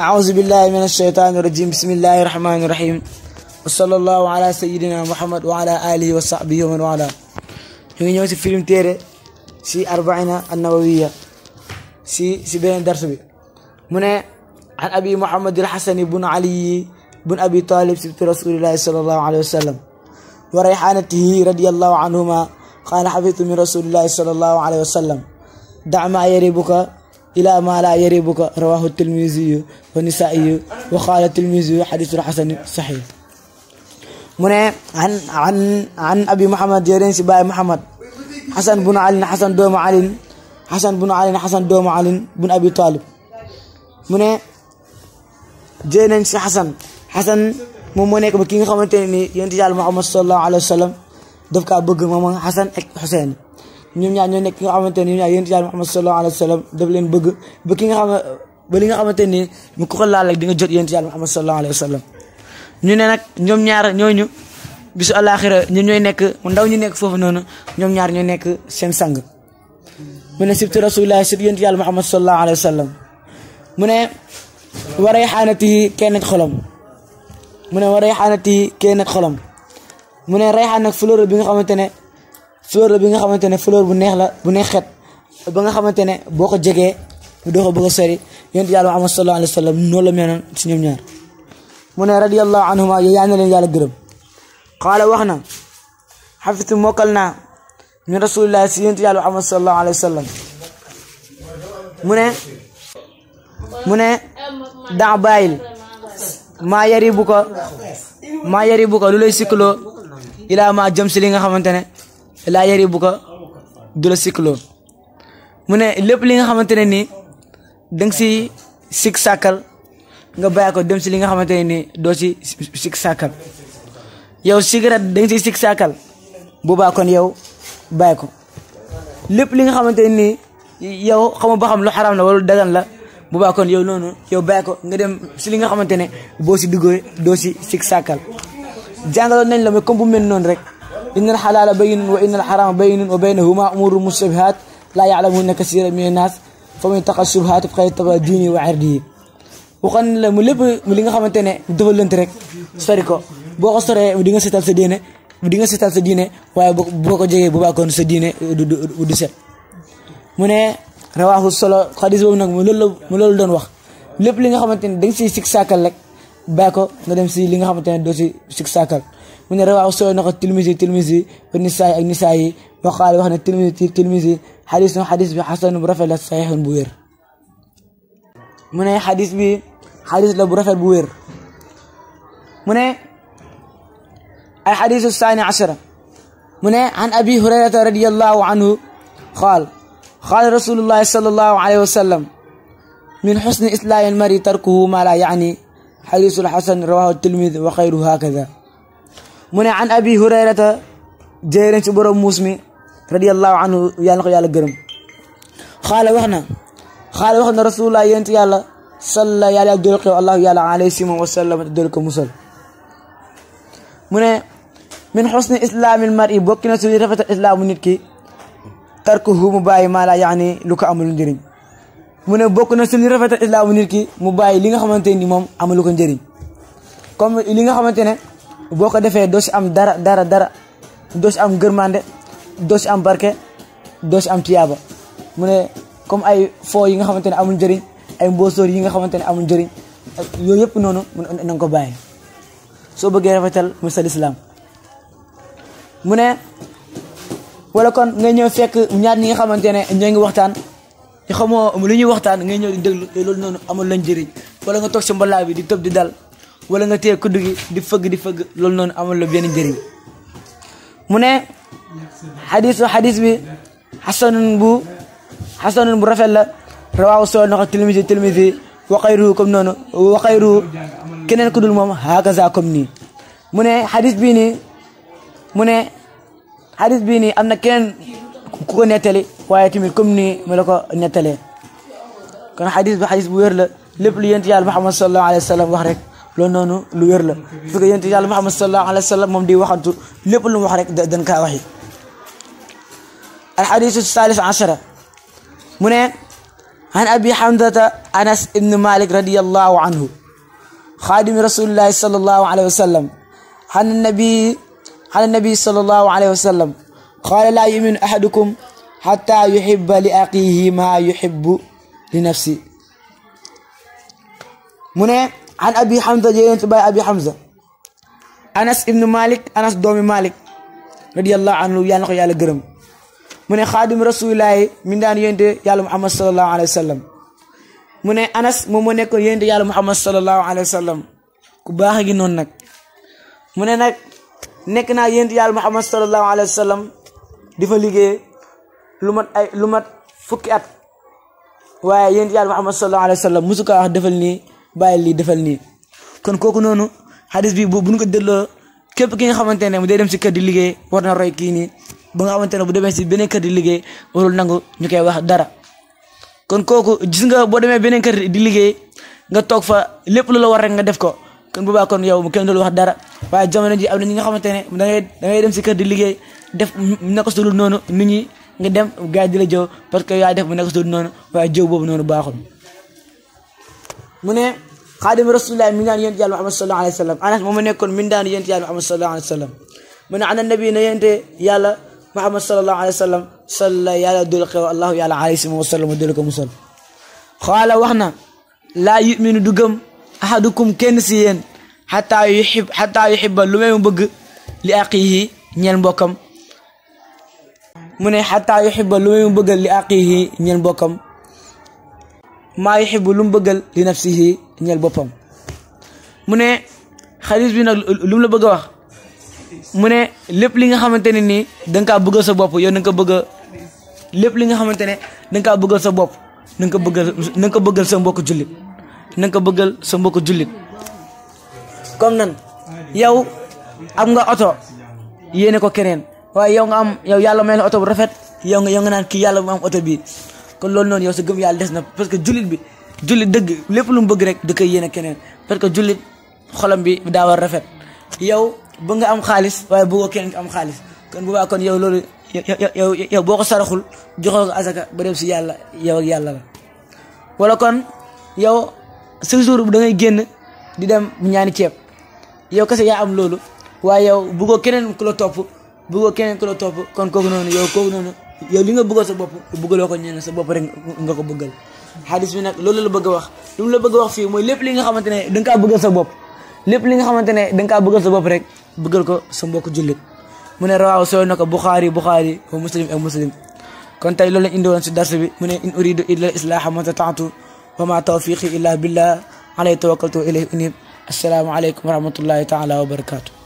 أعوذ بالله من الشيطان الرجيم بسم الله الرحمن الرحيم وصلى الله على سيدنا محمد وعلى آله وصحبه ومن والاه ñu ngi ñëw si film téere si arbaina annawawiya si si beneen dars bi mu ne an abi muhammad alxasani bun ali bun abi talib sibti rasulillahi sal allahu alayhi wa sallam wa rayxanatihi radiallahu anhuma qaala xafidtu min rasulillahi sal allahu alayhi wa sallam da ma yaribuka ila ma la yaribuka rawahu tirmisiyu wa nisaiyu wa qala tirmisiyu xadisul xasani saxih mu ne an an abi muhammad yoreen si baay muhammad xasan bunu alin xasan doomu alin xasan bunu alin xasan doomu alin bunu abi talib mu ne jëlee nañ si xasan xasan moom moo nekk ba ki nga xamante ne nii yonent yàlla muhammad sallallahu alayhi wa sallam daf kaa bëgg moom xasan ak xuseyn ñoom ñaar ñoo nekk ki nga xamante ne ñoom ki nga xam ba li nga xamante ni ñu ko ko laal rek di nga jot yonent Yàlla Muhammad sallallahu alayhi wa sallam ñu ne ñoom ñaar ñooñu bisu àllaaxira ñoom ñooy nekk ndaw ñu nekk foofu noonu ñoom ñaar ñooy nekk seen sang mu ne sibtu rasulillahi sibtu yonent Yàlla Muhammad sallallahu alayhi mu ne wa rayxaanatihi kenn ak xolam mu ne wa rayxaanatihi kenn ak xolam mu ne rayxaan nag bi nga xamante fleur la bi nga xamante ne fleur bu neex la bu neex xet ba nga xamante ne boo ko jegee doo ko bëgg a sori yonent yàlla Muhammad sallallahu alayhi wa sallam noonu la meloon si ñoom ñaar mu ne radiyallahu anhuma yaa na leen yàlla gërëm qaala wax na xafitu mokkal naa min rasulillahi si yonent yàlla Muhammad sallallahu alayhi wa sallam mu ne mu ne daa bàyyil maa yari bu ko maa yari bu ko lu lay sikkaloo ilaa maa jëm si li nga xamante ne laa yari bu ko du la sikloo mu ne lépp li nga xamante ne nii da si sik sàkkal nga bàyyi ko dem si li nga xamante ne nii doo si sik sàkkal yow cigarette da nga siy sik sàkkal boobaa kon yow bàyyi ko lépp li nga xamante ne nii yow xamu ba xam lu xaraam la wala dagan la boobaa kon yow noonu yow bàyyi ko nga dem si li nga xamante ne boo si duggee doo si sik sàkkal jàngaloon nañ la mais comme bu mel noonu rek إن الحلال بين وإن الحرام بين وبينهما أمور مشتبهات لا يعلمهن كثير من الناس فمن اتقى الشبهات فقد اتقى دينه وعرضه waxoon la mu lépp li nga xamante ne dafa lënt rek sori ko boo ko soree di nga setal sa diine di nga setal sa diine waaye boo ko jegee bu baakoon sa diine du du set mu ne rawaaxu solo xadis boobu nag mu loolu mu loolu doon wax lépp li nga xamante ne da nga siy sikk sàkkal rek bàyyi ko nga dem si li nga xamante ne doo si sikk sàkkal mu ne rawaaw solo na ko tilmisi tilmisi wa nisaa yi ak nisaa yi wa qaala wax ne tilmisi tilmisi xadis na xadis bi xasan bu rafet la saxiixun bu wér mu ne xadis bi xadis la bu rafet bu wér mu ne al xadisu saani ashara mu ne an abi hurayrata radiyallahu anhu qaal qaala rasulullahi sallallahu alayhi wa sallam min xusni islaami al mari tarkuhu ma la yaani xadisul xasan rawahu tilmid wa xayru hakada mu ne an abi hurayrata jëy nañ ci borom muus mi radiallahu anhu yàlla na ko yàlla gërëm xaala wax na xaala wax na rasulullah yént yàlla salla yàlla dool ko allahu yàlla alayhi si moom wasallam te dool ko musal mu ne min xusni islaamil mar'i bokki na suñu rafetal islaamu nit ki tarkuhu mu bàyyi maa laa yaani lu ko amul njëriñ mu ne bokk na suñu rafetal islaamu nit ki mu bàyyi li nga xamante ni moom amalu ko njëriñ comme li nga xamante ne boo ko defee doo si am dara dara dara doo si am gërmande doo si am barke doo si am tiyaaba mu ne comme ay foo yi nga xamante ne amul njëriñ ay mboosoor yi nga xamante ne amul njëriñ yooyu yëpp noonu na nga ko bàyyi soo bëggee rafetal mu sa lislaam mu ne wala kon nga ñëw fekk ñaar ñi nga xamante ne ñoo ngi waxtaan xamoo lu ñuy waxtaan nga ñëw di déglu te loolu noonu amul lañ njëriñ wala nga toog si mbalaa di tëb di dal wala nga téye kuddu gi di fëgg di fëgg loolu noonu amul la benn njëriñ mu ne xadisu xadis bi xasanun bu xasanun rafet la rawaahu solo na ko tilmisi tilmisi wa xayruhu comme noonu wa xayruhu keneen ku dul moom hakaza comme nii mu ne xadis bii nii mu ne xadis bii nii am na keneen ku ko nettali waaye tamit comme nii mu la ko nettalee kon xadis bi xadis bu wér la lépp lu yent yàlla Muhammad sallallahu alayhi wa sallam wax rek loolu noonu lu wér la parce que yonent yàlla Muhammad sallallahu alayhi wa sallam moom di waxantu lépp lu mu wax rek dañ kaa waxi alxadisu salis achara mu ne an abi hamdata anas ibnu malik radiallahu anhu xaadimi rasulillahi sallallahu alayhi wa sallam an nabi an nabi sallallahu alayhi wa sallam qaala laa yuminu ahadukum xata yuxiba li aqihi maa yuxibu li nafsi mu ne an abi hamza jëleen ci bàyyi abi hamza anas ibnu malik anas doomi malik radiallahu anhu yàlla na ko yàlla gërëm mu ne xaadim rasulillaahi min daan yénte yàlla muhammad salallahu alayhi wa mu ne anas moom moo nekk yénte yàlla muhammad salallahu alayhi wa sallam ku baax gi noonu nag mu ne nag nekk naa yénte yàlla muhammad salallahu alayhi wa sallam di fa liggéey lu mat fukki at waaye yénte yàlla muhammad salallahu alayhi wa sallam musu ko wax defal nii bàyyi lii defal nii kon kooku noonu xadis bi bu buñ ko delloo képp ki nga xamante ne mu day dem si kër di liggéey war na roy kii nii ba nga xamante ne bu demee si beneen kër di liggéey warul nangu ñu koy wax dara kon kooku gis nga boo demee beneen kër di liggéey nga toog fa lépp lu la war rek nga def ko kon bu baax kon yow mu kenn doolu wax dara waaye jamono ji am na nga xamante ne da ngay da ngay dem si kër di liggéey def mu nekk su noonu nit ñi nga dem gars yi di la jëw parce que yaa def mu nekk su noonu waaye jëw boobu noonu baaxul xaadima rasulillah mi daan yent yàlla Muhammad sallallahu alayhi wa sallam anas mooma nekkoon min daan yent yàlla Muhammad sallallahu alayhi wa sallam mu ne ana nabi na yente yàlla Muhammad sallallahu alayhi wa sallam salla yàlla dul xew allahu yàlla alayhi si moom wasallam dul ko musal xaala wax na laa yuminu du gëm ahadukum kenn si yéen xataa yuxib xataa yuxiba lu may mu bëgg li aqihi ñeen mbokkam mu ne xataa yuxiba lu may mu bëggal li aqihi ñeen mbokkam maa yuxibu lu mu bëggal li nafsihi ñeel boppam mu ne xadis bi nag lu la bëgg a wax mu ne lépp li nga xamante ne nii da nga kaa sa bopp yow da nga ko bëgg a li nga xamante ne da nga bëggal sa bopp na nga ko bëggal na ko bëggal sa mbokk jullit na nga ko bëggal sa mbokk jullit comme nan yow am nga oto yéene ko keneen waaye yow nga am yow yàlla may la oto bu rafet yow nga yow nga naan kii yàlla mu am oto bii kon loolu noonu yow sa gëm yàlla des na parce que jullit bi jullit dëgg lépp lu mu bëgg rek da koy yéene keneen parce que jullit xolam bi daa war rafet yow bëgg nga am xaalis waaye bëggoo keneen am xaalis kon kon yow loolu boo ko saraxul joxoo ko asaka ba si yàlla yow yàlla wala kon yow chaque jour da ngay génn di dem ñaani ceeb yow kese yaa am loolu waaye yow bëggoo keneen ku la topp bëggoo keneen kon kooku noonu yow kooku noonu yow li nga bëggoon sa bopp bëggaloo ko ñeneen sa bopp rek nga ko bëggal xadis bi nag loolu la bëgg a wax lu mu la bëgg wax fii mooy lépp li nga xamante ne da nga kaa bëggal sa bopp lépp li nga xamante ne da nga kaa bëggal sa bopp rek bëggal ko sa mbokk jullit mu ne rawaaw sooy na ko buxaari buxaari wa muslim ak muslim kon tey loolu lañ indi woon si dars bi mu ne in uridu illa islaaha ma tataatu wa ma tawfiqi illa billah alayhi tawakkaltu wa ilayhi unib assalaamu aleykum wa rahmatullahi taala wa barakaatu